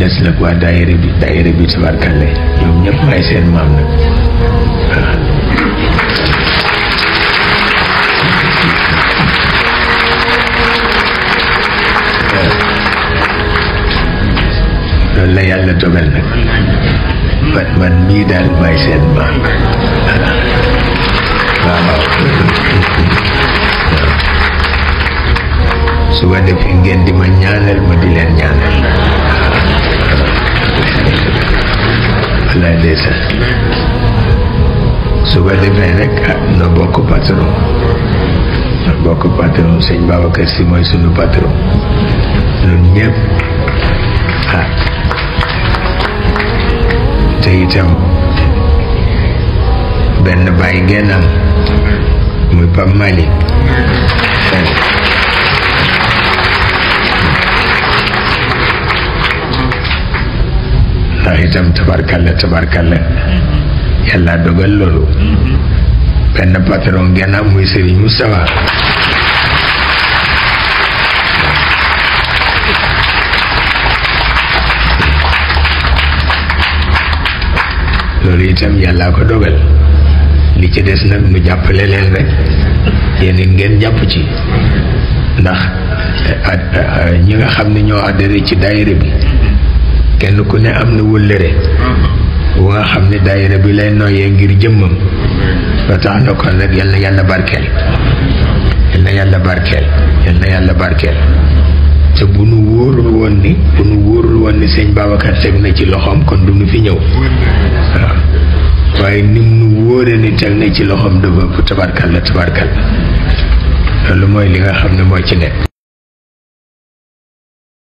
des nag waa daayira bi daayira bi tabarkalle ñoom ñëpp may seen maam nag loolu la yàlla dogal nag man man mii daal may seen maam waaw su ko ngeen di ma ñaanal ma di leen ñaanal Abdoulaye ndeysaan su ko defee nag ah noo bokk patron noo bokk patron sëñ Babacar si mooy sunu patron ñun ñëpp ah benn bàyyi ngeen muy Pape tax itam tabarkalla tabarkalla yàlla dogal loolu benn patron ngeen am muy Serigne Moustapha loolu itam yàlla ko dogal li ci des nag nu jàppale leen rek yéen ngeen jàpp ci ndax ñi nga xam ne ñoo adhéré ci daayira bi kenn ku ne am na wëllëre bu nga xam ne daayira bi lay nooyee ngir jëmmam ba tax na kon nag yal yàlla barkeel yal na yàlla barkeel yal na yàlla barkeel te bu nu wóorul woon ni bu nu teg na ci loxoom kon du nu fi ñëw waaw waaye nim nu wóore ni teg na ci loxoom dafa ëpp tabarkal la tabarkal la loolu mooy li nga xam ne moo ci nekk